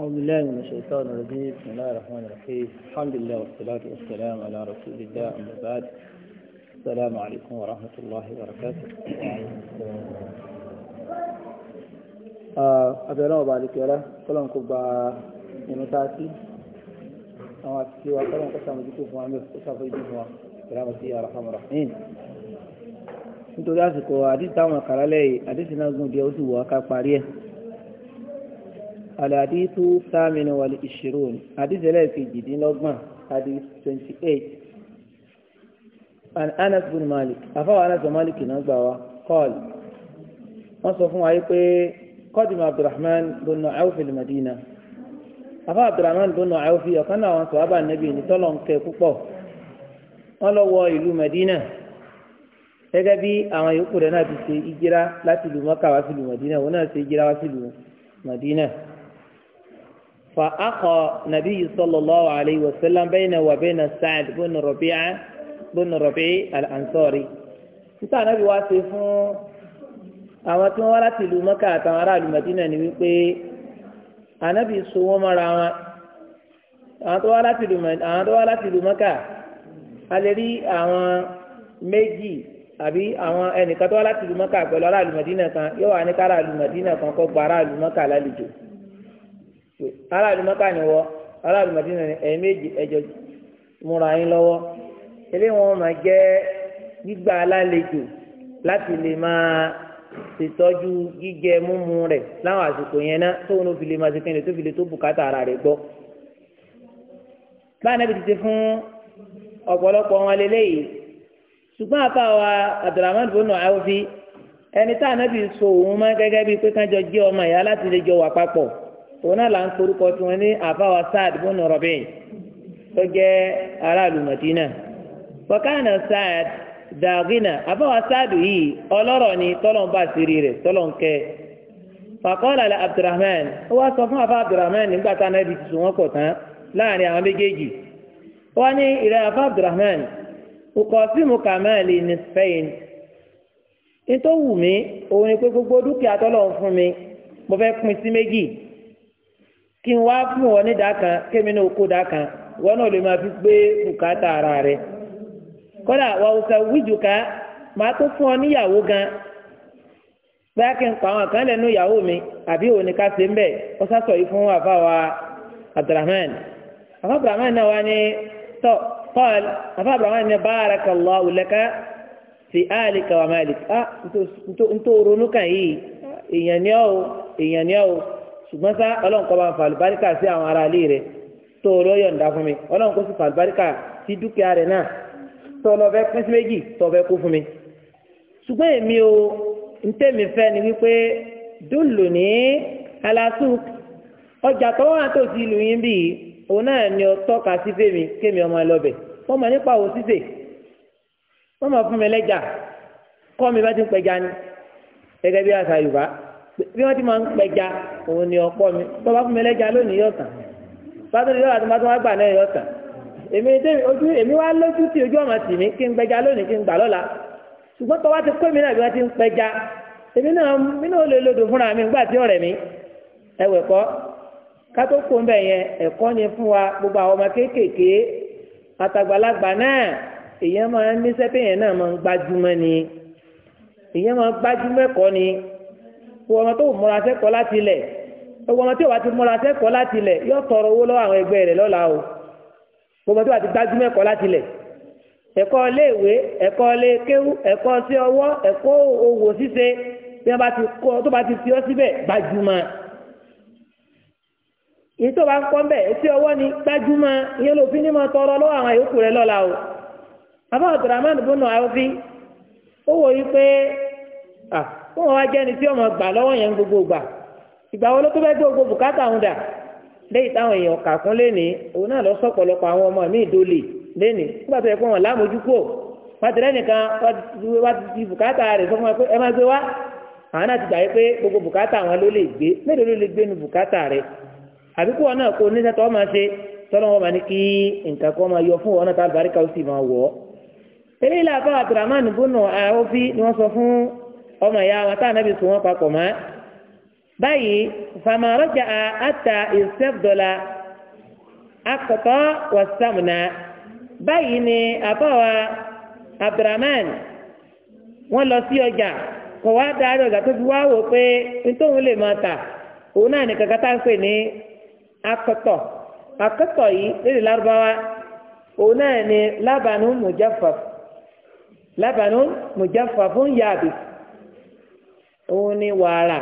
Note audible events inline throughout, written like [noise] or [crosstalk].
أعوذ بالله من الشيطان الرجيم بسم الله الرحمن الرحيم الحمد لله والصلاة والسلام على رسول الله أما بعد السلام عليكم ورحمة الله وبركاته آه، أبي الله وبارك يا يلا كلهم كبا ينتاتي أما تسيوا كلهم قسم جيكو فوامي قسم جيكو فوامي برامة يا رحمة الرحيم nítorí àsìkò àdìsí táwọn kàrálẹ̀ yìí àdìsí náà gùn díẹ̀ alhadithu thaminu wal ishirun hadith ẹlẹ́ẹ̀kejìdínlọ́gbọ̀n hadith twenty eight an anas bin malik afáwọn anas bin malik náà gbà wá kọ́ọ̀lù wọ́n sọ fún wa yìí pé kọ́dìmọ̀ abdulrahman bin awf al-madina afáwọn abdulrahman bin awf ọ̀kan náà wọn sọ wá bá nàbí ní tọ́lọ̀ ń kẹ́ púpọ̀ wọ́n lọ wọ ìlú madina gẹ́gẹ́ bí àwọn yòókù rẹ̀ náà ti ṣe ìjírá láti ìlú mọ́kà wá sí ìlú madina wọn náà ṣe ìjírá wá sí ìlú madina. فأخى نبي صلى الله عليه وسلم بينه وبين سعد بن ربيعة بن ربيع الأنصاري níta anábì wá ṣe fún àwọn tí wọ́n wá láti ìlú mọ́kà àtàwọn aráàlú mẹ́dínà ni wípé anábì so wọ́n mọ́ra wọn àwọn tó wá láti ìlú àwọn tó wá láti ìlú mọ́kà a lè rí àwọn méjì àbí àwọn ẹnìkan tó wá láti ìlú mọ́kà pẹ̀lú aráàlú mẹ́dínà kan yóò wá ní ká aráàlú mẹ́dínà kan kó gba aráàlú mọ́kà lálejò aráàlú mọ́kà ni wọ́ aráàlú mọ́tínà ni ẹ̀ẹ́mẹ́jì ẹ̀jọ̀ múra yín lọ́wọ́ eléyìí wọn máa jẹ́ gbígbà alálejò láti lè máa ṣètọ́jú jíjẹ múmu rẹ̀ láwọn àsìkò yẹn náà tóun ló fi lè máa ṣe kẹ́ni tó fi lè tó bùkátà ara rẹ̀ gbọ́. báyìí náà ti ṣe fún ọ̀pọ̀lọpọ̀ wọn lélẹ́yìí ṣùgbọ́n àpá wa Abdulrahman bonu awfi ẹni tá ànábì so òun mọ́ gẹ́gẹ́ bíi pé kájọ jẹ́ ọmọ ìyá láti lè jọ wà papọ̀ òun náà ń korúkọ tí ní àfáwà Sa'd bun Rabi' tó aráàlú wakana Sa'd dàgínà àfáwà Sa'd yìí ọlọrọ ni tọ́lọ́n bá sírí rẹ̀ tọ́lọ́n kẹ́ faqala ó wá sọ fún àfá Abdurrahman nígbà tá náà di tuntun wọn kọ̀ tán láàrin àwọn méjèèjì ó ní ìrẹ́ àfá Spain nítorí wù mí òun ni pé gbogbo dúkìá fún mi mo sí kí i wá fún wọn ní dàkan kémi náà kó wọn náà lè máa fi gbé bùkátà ara rẹ kódà wàhùsà wíjùká màá tó fún ọ níyàwó gan báyà kí n pa àwọn kan lẹ́nu ìyàwó mi àbí òun ni ká ṣe ń bẹ ó sásọ yìí fún àfa wa abdulrahman àfa abdulrahman náà wá ní tọ paul àfa abdulrahman ní fi alika wa malika ah yìí èèyàn ọ́ èèyàn ọ́. ṣùgbọ́n sá ọlọ́run kọ́ bá ń fa àlùbáríkà sí àwọn ará ilé rẹ̀ tó o lọ yọ̀ǹda fún mi ọlọ́run kó sì fa àlùbáríkà sí dúkìá rẹ̀ náà tó o lọ fẹ́ pín sí méjì tó o fẹ́ kó fún mi. ṣùgbọ́n èmi o ntẹ́mi fẹ́ ni wípé dúlù ní aláṣù ọjà tó wà sí ìlú yín bíi òun náà ni ọ tọ́ka sí fèmí kémi ọmọ ẹlọ́bẹ̀ wọ́n mọ̀ nípa òun sísè wọ́n mọ̀ fún mi lẹ́jà kọ́ mi bá ti ń pẹja ni gẹ́gẹ́ bí àṣà Yorùbá bí wọ́n ti máa ń pẹja òun ni ọ̀pọ̀ mi tọ́ba fún mi lẹ́ja lónìí yóò tàn bàtọ́ ni yóò àti bàtọ́ wọn gbà náà yóò tàn èmi débi ojú èmi wá lójú tí ojú ọ̀mà tì mí kí n pẹja lónìí kí n gbà lọ́la ṣùgbọ́n tọ́ba ti kó mi náà bí wọ́n ti ń pẹja èmi náà mi náà lè lodò fúnra mi nígbà tí ọ̀rẹ́ mi ẹ̀wẹ̀ kọ́ kátó kó ń bẹ̀ yẹn ẹ̀kọ́ ni fún wa gbogbo àwọn ọmọ kéékèèké wọ́n ọmọ tó múra sẹ́kọ̀ọ́ láti ilẹ̀ gbogbo ọmọ tí wàá ti múra sẹ́kọ̀ọ́ láti ilẹ̀ yóò tọrọ owó lọ́wọ́ àwọn ẹgbẹ́ rẹ̀ lọ́la o gbogbo ọmọ tí wàá ti gbájúmọ́ ẹ̀kọ́ láti ilẹ̀ ẹ̀kọ́ iléèwé ẹ̀kọ́ iléekéwú ẹ̀kọ́ sí ọwọ́ ẹ̀kọ́ òwò ṣíṣe bí wọ́n bá ti kọ́ tó bá ti fi ọ́ síbẹ̀ gbájúmọ́ èyí tó bá ń kọ́ bẹ̀ etí ọwọ́ ni gbájúmọ́ ìyẹn ló fi ní mọ́ tọrọ lọ́wọ́ àwọn yòókù rẹ̀ lọ́la o àbá fún wọn wá jẹ́ni tí ọmọ gbà lọ́wọ́ yẹn gbogbo gbà ìgbà wo ló tó fẹ́ gbé gbogbo bùkátà òun dà léyìí táwọn èèyàn kà kún lénìí òun náà lọ sọ̀pọ̀lọpọ̀ àwọn ọmọ mi ìdólè lénìí nígbà tó yẹ kó wọn lámójú kò pàtẹ́lẹ́ nìkan wá ti bùkátà rẹ̀ sọ fún wọn pé ẹ má gbé wá àwọn náà ti gbà yí pé gbogbo bùkátà àwọn ló lè gbé mélòó ló lè gbé nu bùkátà rẹ̀ àbí kó wọn náà kó oníṣẹ́ tó máa ṣe tọ́lọ́wọ́ máa ní kí nǹkan kan máa yọ fún wọn náà tá àlùbáríkà ó sì máa wọ̀ ọ́. eléyìí làbá Abdulrahman bùnú àròfí ni wọ́n sọ fún ọmọ ìyá wa táwọn ẹbí sùn wọn papọ̀ mọ́ báyìí fàmàrọ́jà àtà ìṣẹ́fdọ́là akọ̀tọ́ wàsàmùnà báyìí ni àbáwa abdulrahman wọn lọ sí ọjà kò wá darí ọjà tó fi wá wò pé nítòhún lè máa tà òun náà ní kankan tá à ń pè ní akọ̀tọ̀ akọ̀tọ̀ yìí lédè lárúbáwá òun náà ní lábàánú mùjáfà lábàánú mùjáfà fún yàbí òun ni wàrà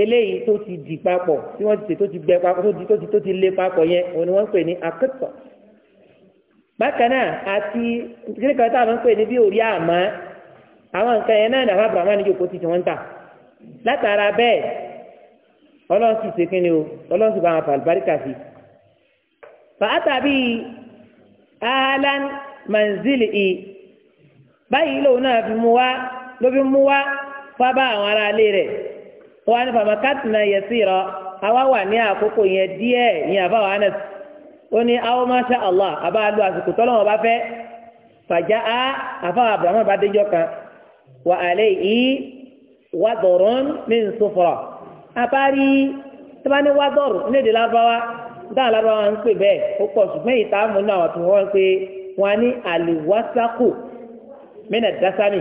eléyìí tó ti dì papọ̀ tí wọ́n ti tè tó ti gbẹ papọ̀ tó ti tó ti tó ti lé papọ̀ yẹn òun ni wọ́n ń pè ní akẹ́tọ̀ bákan náà àti kíni kan tá a máa ń pè ní bí òrí àmọ́ àwọn nǹkan yẹn náà ní àwọn abrahamu níjòkó ti ti wọ́n ń tà látara bẹ́ẹ̀ ọlọ́run sì ṣe kí ni o ọlọ́run sì bá wọn fàlùbáríkà sí i fàátàbí alan manzili i báyìí lòun náà fi mú wa ló fi mú wa fábà àwọn ará ilé rẹ̀ wọ́n á ní fàmà kátìnà yẹ sí rọ àwa wà ní àkókò yẹn díẹ̀ ní àbá wa náà ó ní àwọn masha allah àbá lu àsìkò tọ́lọ́ wọn bá fẹ́ fàjà á àfáwọn abrahamu bá déjọ́ kan wà àlẹ́ yìí wà dọ̀rọ̀n mí n so fọ̀rọ̀ àbárí tí wà dọ̀rọ̀ ní èdè lábáwá dáhùn lábáwá ń pè bẹ́ẹ̀ ó pọ̀ ṣùgbọ́n ìta mú náà wọ́n ti wọ́n pé wọ́n ní àlè wásákò mí nà dásámì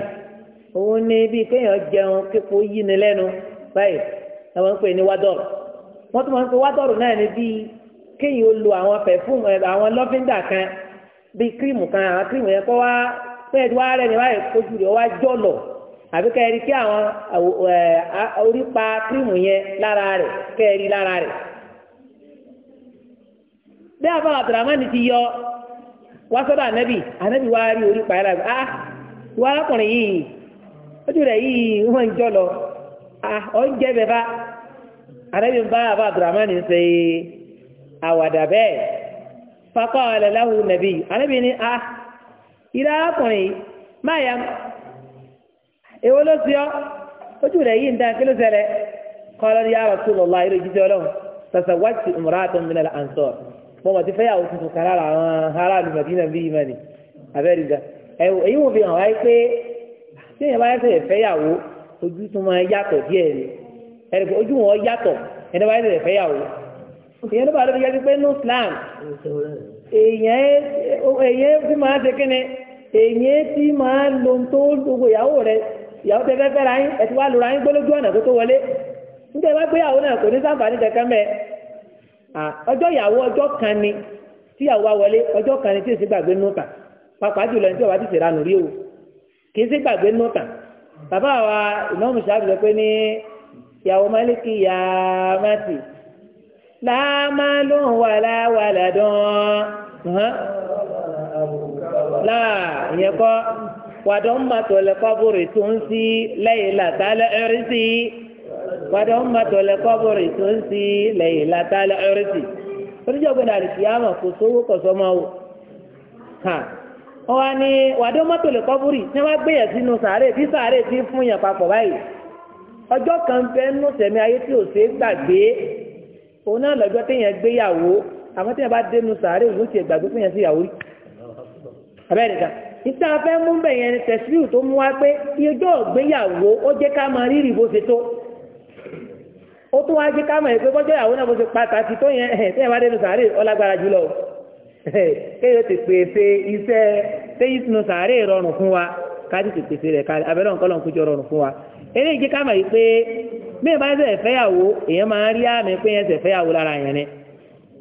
òun ní bí kéèyàn jẹun kíkó yí ni lẹ́nu báyìí àwọn ń pè ní wádọ́rù wọ́n tún máa ń pè wádọ́rù náà ní bí kéèyàn ó lo àwọn pẹ̀fúmù eh, àwọn lọ́fíńdà kan bí kírímù kan àwọn kírímù yẹn kọ́ wá fẹ́ẹ̀ wá rẹ̀ ní báyìí kojú rẹ̀ wá jọ̀lọ̀ àbí kẹ́ẹ̀rí kí àwọn eh, orípa kírímù yẹn lára rẹ̀ kẹ́ẹ̀rí lára rẹ̀ bí àbá abdulrahman ti yọ wá sọ́dọ̀ ànábì ànábì wá rí orípa yẹn lára rẹ̀ ah wọ́n arákùnrin yìí ojú rẹ̀ yìí wọ́n ń jọ lọ oúnjẹ bẹ̀ bá àrẹ́bí ń bá àbá ṣe àwàdà bẹ́ẹ̀ fakọ́ àlẹ́láhu nàbí àrẹ́bí a ìlà ọkùnrin máyà èwo ló ti ojú rẹ̀ yìí ń dá kí ló kọ́lọ́ ní yàrá tó lọ́la eré jíjẹ́ ọlọ́run sọ̀sọ̀ wájú ìmúratọ̀ mi náà àǹsọ̀ mo mọ̀ ti fẹ́yàwó tuntun àwọn aráàlú tí èèyàn bá ṣẹ̀ṣẹ̀ fẹ́yàwó ojú tún máa yàtọ̀ díẹ̀ ni ẹ̀rẹ̀ pé ojú wọn yàtọ̀ ẹni bá ṣẹ̀ṣẹ̀ fẹ́yàwó èèyàn nípa lóbi yẹtí pé ní Islam èèyàn tí máa ṣe kíni èèyàn tí máa lo tó gbogbo ìyàwó rẹ ìyàwó tẹ fẹ́ fẹ́ra yín ẹ̀ ti wá lura yín gbólójú ọ̀nà tó tó wọlé níta ìwà gbéyàwó náà kò ní sáǹfààní kankan mẹ́ ọjọ́ ìyàwó ọjọ́ kan ni tíyàwó wa wọlé ọjọ́ kan ni tí èsì gbàgbé nù kà pàápàá tí ọba ti ṣèrànù rí o kìí sí gbàgbé nù tàn bàbá wa ìmọ̀ọ́mù sábà sọ pé ní ìyàwó málékì yá mátì láàmálùn wàlá wàlá dán láà ìyẹn kọ́ wàdán màtọ̀lẹ̀ kọ́bùrì tó ń sí lẹ́yìn látàlẹ́ ẹ̀rí sí wàdán màtọ̀lẹ̀ kọ́bùrì tó ń sí lẹ́yìn látàlẹ́ ẹ̀rí sí. oníjọ́ gbọ́dọ̀ àdìsí kò sówó kọ̀sọ́ máa wò. wọ́n n'i ní wàdó mọ́tò lè kọ́búrì tí gbé yẹn sínú sàárè tí sàárè fún yẹn papọ̀ báyìí ọjọ́ kan sẹ̀mí ayé tí ò gbàgbé òun náà lọ́jọ́ gbéyàwó bá dénú sàárè òun gbàgbé fún yẹn sí ìyàwó abẹ́rẹ́ ìta fẹ́ mú tó mú wá pé ijó ó jẹ́ ká máa rírì bó ṣe tó ó wá jẹ́ ká máa pé bọ́jọ́ [laughs] kéèyàn ti pèsè iṣẹ́ sẹ́yìn sínú sàárè rọrùn fún wa káàdì ti pèsè rẹ̀ kalẹ̀ abẹ́rẹ́ ọ̀kọ́lọ̀ kújọ rọrùn fún wa eléyìí jẹ́ káàmà yìí pé bí bá ṣe fẹ́yàwó èèyàn máa ń rí àmì pé ẹ ṣe fẹ́yàwó lára yẹn ni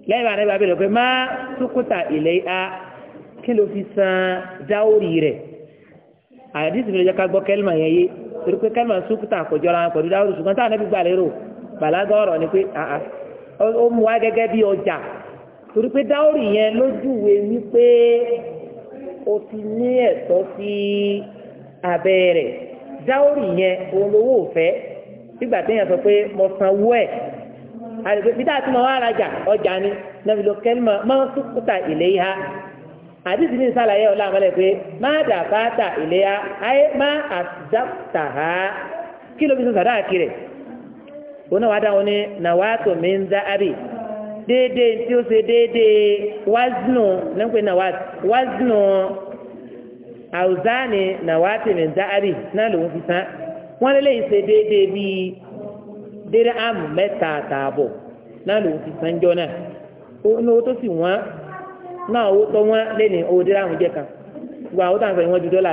lẹ́yìn ìbá bẹ̀rẹ̀ pé má túkúta ilẹ̀ a kí ló fi san dáórì rẹ̀ àdìsí mi lè jẹ́ ká gbọ́ torí pé dáórì yẹn lójúwe wípé o ti ní ẹ̀tọ́ sí abẹ́ rẹ̀ dáórì yẹn òun lówó òfẹ́ nígbà téèyàn sọ pé mo sanwó ẹ̀ àdìgbò bí dáa tí mo wá rajà ọjà ni nàbí ló kẹ́ máa ń kúta ilé ha àdìsí ní sàlàyé ọ̀la àmọ́lẹ̀ pé má dà bá ta ilé ha ayé má àdàpùtà ha kí ló fi sọ sàdáàkì rẹ̀ òun náà wá dáhùn ní nàwátò mi ń dá àbí. deede tí ó ṣe déédéé waznu nípe nawat waznu na nawati ní dáárì san wọ́n lé lẹ́yìn ṣe déédéé bíi déédéé àmù mẹ́ta àtààbọ̀ náà lòún san jọ na ní owó tó sì wọ́n náà owó tó wọ́n lé ní owó déédéé kan sọ ju lọ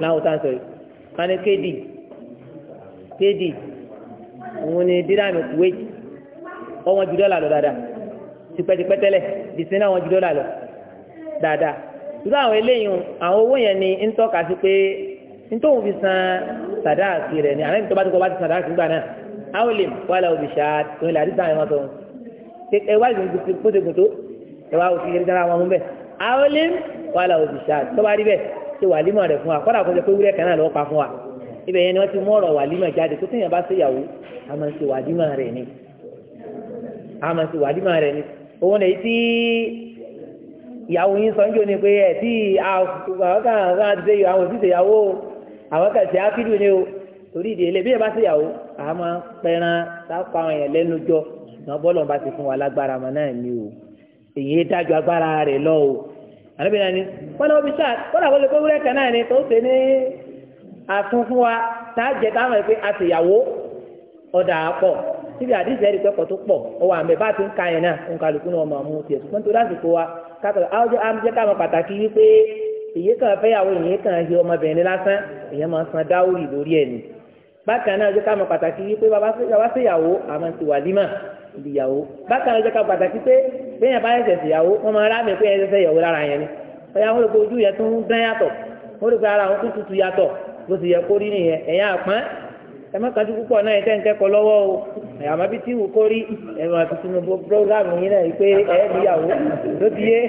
láwọn tó ń sọ yìí wọ́n ọ wọn ju dọ́là lọ dáadáa tipẹ́tipẹ́ tẹ́lẹ̀ dìsínà wọn ju dọ́là lọ dáadáa ṣùgbọ́n àwọn eléyìí àwọn owó yẹn ni ń tọ́ka sí pé nítorí fi san sàdáàkì rẹ̀ ni àlẹ́ nítorí bá ti san sàdáàkì gbà náà àwọn olè wàhálà òbí ṣáà tó ń lè àdìsá àwọn ọmọ tó ń ẹ wá ìgbìmọ̀ gbòtegbò tó ẹ wá òsì yẹn dára wọn mú bẹ́ẹ̀ àwọn olè wàhálà òbí ṣáà tó rí bẹ́ẹ̀ ṣe wàlímọ̀ ni wọ́n ti mú ọ̀rọ̀ wàlímọ̀ a máa wà dímọ̀ rẹ̀ ni òun lè tí ìyàwó yín sọ ń jò ní pé ẹ̀ tí àwọn kan àwọn ti ìyàwó àwọn ìyàwó àwọn èèyàn lẹ́nu jọ bí sáà wọ́n náà wọlé pé náà ni tó ṣe ní àtún fún wa tá táwọn ẹ̀ pé a ṣèyàwó ọ̀dà àpọ̀ síbi àdìsí ẹ̀rí pẹ́pọ̀ tó pọ̀ ọwọ́ àmì bá ti ń ka yẹn náà òǹkàlùkù náà máa mú tiẹ̀ ṣùgbọ́n tó lásìkò wa kákàlà ájẹ́ ká mọ pàtàkì wípé èyí kan fẹ́yàwó èyí kan ṣe ọmọbìnrin lásán èyàn máa san dáwùrì lórí ẹ̀ ni bákan náà ájẹ́ ká pàtàkì wípé bàbá ṣèyàwó àmọ́ ti wàlímà ìyàwó bákan náà ájẹ́ ká pàtàkì pé bẹ́yàn bá ẹ̀sẹ̀ ṣèyàwó wọ́n máa rámì pé ẹ̀sẹ̀ ṣèyàwó lára yẹn ni ọ̀yà wọn lè pe yẹn tó dán yàtọ̀ wọn lè pe ara wọn tó tutù yàtọ̀ bó ti yẹ kó nìyẹn ẹ̀yà àpọ́n ẹ àmọ́ bí tí wò kó rí ẹ̀rọ àti tinubu programu yín náà pé ẹ̀ níyàwó ló ti yé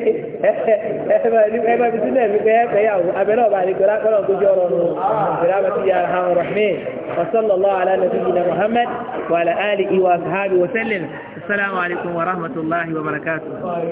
ẹ̀ bá fi sílẹ̀ wípé ẹ̀ fẹ́yàwó abẹ́rẹ́ ọba àlejò lápẹ́rẹ́ ọgójì ọ̀rọ̀ nù ìrẹ́ àbẹ̀tí ya hàn rahman wa sallallahu ala nabiyyina muhammad wa ala alihi wa ashabihi wa sallam assalamu alaikum wa rahmatullahi wa barakatuh